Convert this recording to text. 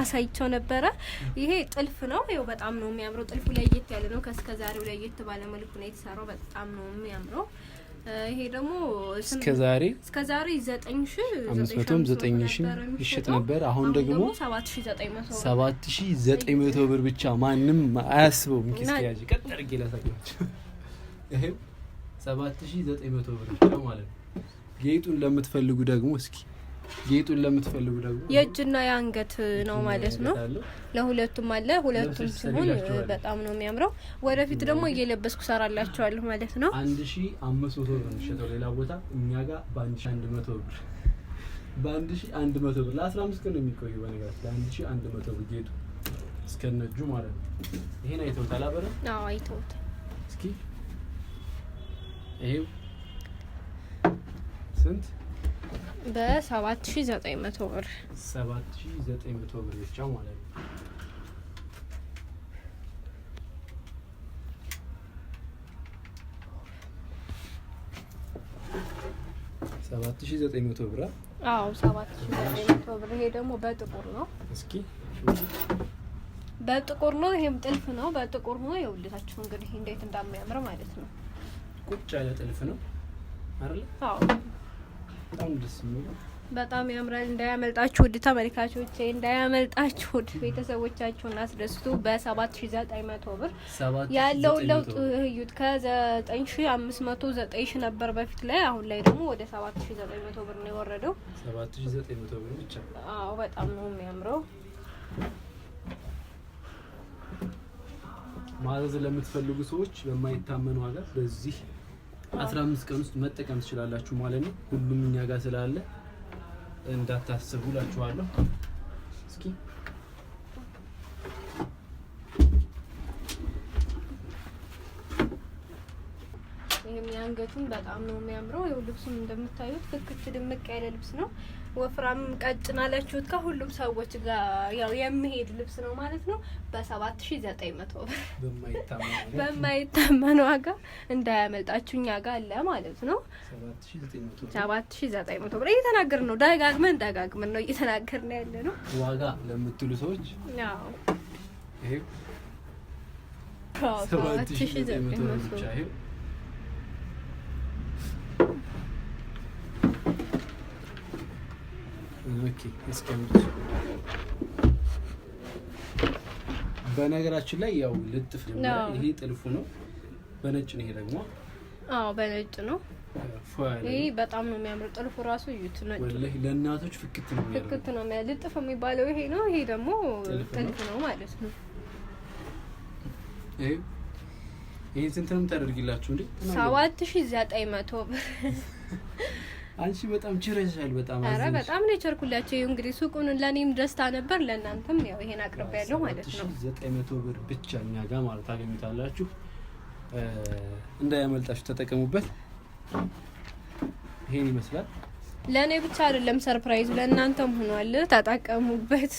አሳይቸው ነበረ። ይሄ ጥልፍ ነው። ይኸው በጣም ነው የሚያምረው። ጥልፉ ለየት ያለ ነው። ከእስከ ዛሬው ለየት ባለ መልኩ ነው የተሰራው። በጣም ነው የሚያምረው። ይሄ ደግሞ እስከ ዛሬ እስከ ዛሬ ዘጠኝ ሺ አምስት መቶም ዘጠኝ ሺ ይሸጥ ነበር። አሁን ደግሞ ሰባት ሺ ዘጠኝ መቶ ብር ብቻ ማንም አያስበውም። ኪስ ያዥ ቀጥ አድርጌ ይሄም ሰባት ሺ ዘጠኝ መቶ ብር ብቻ ማለት ነው። ጌጡን ለምትፈልጉ ደግሞ እስኪ ጌጡን ለምትፈልጉ ደግሞ የእጅና የአንገት ነው ማለት ነው። ለሁለቱም አለ። ሁለቱም ሲሆን በጣም ነው የሚያምረው። ወደፊት ደግሞ እየለበስኩ ሰራላቸዋለሁ ማለት ነው። አንድ ሺ አምስት መቶ ብር የሚሸጠው ሌላ ቦታ፣ እኛ ጋር በአንድ ሺ አንድ መቶ ብር በአንድ ሺ አንድ መቶ ብር ለአስራ አምስት ቀን ነው የሚቆዩ። በነገራት ለአንድ ሺ አንድ መቶ ብር ጌጡ እስከነጁ ማለት ነው። ይሄን አይተውት አላበረ? አዎ አይተውት። እስኪ ይሄው ስንት በ7900 ብር 7900 ብር ብቻ ማለት ነው። ሰባት ሺህ ዘጠኝ መቶ ብር አዎ፣ ሰባት ዘጠኝ መቶ ብር። ይሄ ደግሞ በጥቁር ነው። እስኪ በጥቁር ነው። ይሄም ጥልፍ ነው፣ በጥቁር ነው። የውልታችሁ እንግዲህ እንዴት እንዳሚያምር ማለት ነው። ቁጭ ያለ ጥልፍ ነው አይደል? አዎ በጣም ያምራል። እንዳያመልጣችሁ ውድ ተመልካቾች፣ እንዳያመልጣችሁ ውድ ቤተሰቦቻችሁን አስደስቱ። በ7900 ብር ያለውን ለውጥ እዩት። ከ9500 9000 ነበር በፊት ላይ፣ አሁን ላይ ደግሞ ወደ 7900 ብር ነው የወረደው። 7900 ብር ብቻ። አዎ በጣም ነው የሚያምረው። ማዘዝ ለምትፈልጉ ሰዎች በማይታመኑ ዋጋ በዚህ አምስት ቀን ውስጥ መጠቀም ትችላላችሁ ማለት ነው። ሁሉም እኛ ጋር ስላለ እንዳታስቡ እላችኋለሁ። እስኪ ይህም በጣም ነው የሚያምረው። ይኸው ልብሱም እንደምታዩት ፍክት ድምቅ ያለ ልብስ ነው። ወፍራም ቀጭን አላችሁት ከሁሉም ሰዎች ጋር ያው የሚሄድ ልብስ ነው ማለት ነው። በሰባት ሺ ዘጠኝ መቶ በማይታመን ዋጋ እንዳያመልጣችሁ እኛ ጋር አለ ማለት ነው። ሰባት ሺ ዘጠኝ መቶ ብር እየተናገርን ነው፣ ደጋግመን ደጋግመን ነው እየተናገርን ያለ ነው። ዋጋ ለምትሉ ሰዎች ይሄ ሰባት ሺ ዘጠኝ መቶ ብቻ ይሄ ኦኬ፣ እስከምድር በነገራችን ላይ ያው ልጥፍ ነው። ይሄ ጥልፉ ነው። በነጭ ነው ይሄ ደግሞ። አዎ በነጭ ነው። ይሄ በጣም ነው የሚያምር ጥልፉ ራሱ እዩት። ነጭ ወላሂ ለእናቶች ፍክት ነው የሚያምር ፍክት ነው የሚያምር ልጥፍ የሚባለው ይሄ ነው። ይሄ ደግሞ ጥልፍ ነው ማለት ነው። ይሄ ይሄ ስንት ነው የምታደርጊላችሁ እንዴ? ሰባት ሺህ ዘጠኝ መቶ ብር አንቺ በጣም ችረሻል። በጣም አረ በጣም ነው የቸርኩላቸው። እንግዲህ ሱቁን ለኔም ደስታ ነበር፣ ለእናንተም ያው ይሄን አቅርብ ያለው ማለት ነው። 900 ብር ብቻ እኛ ጋር ማለት ታገኙታላችሁ። እንዳያመልጣችሁ ተጠቀሙበት። ይሄን ይመስላል። ለእኔ ብቻ አይደለም ሰርፕራይዝ ለእናንተም ሆኗል። ተጠቀሙበት።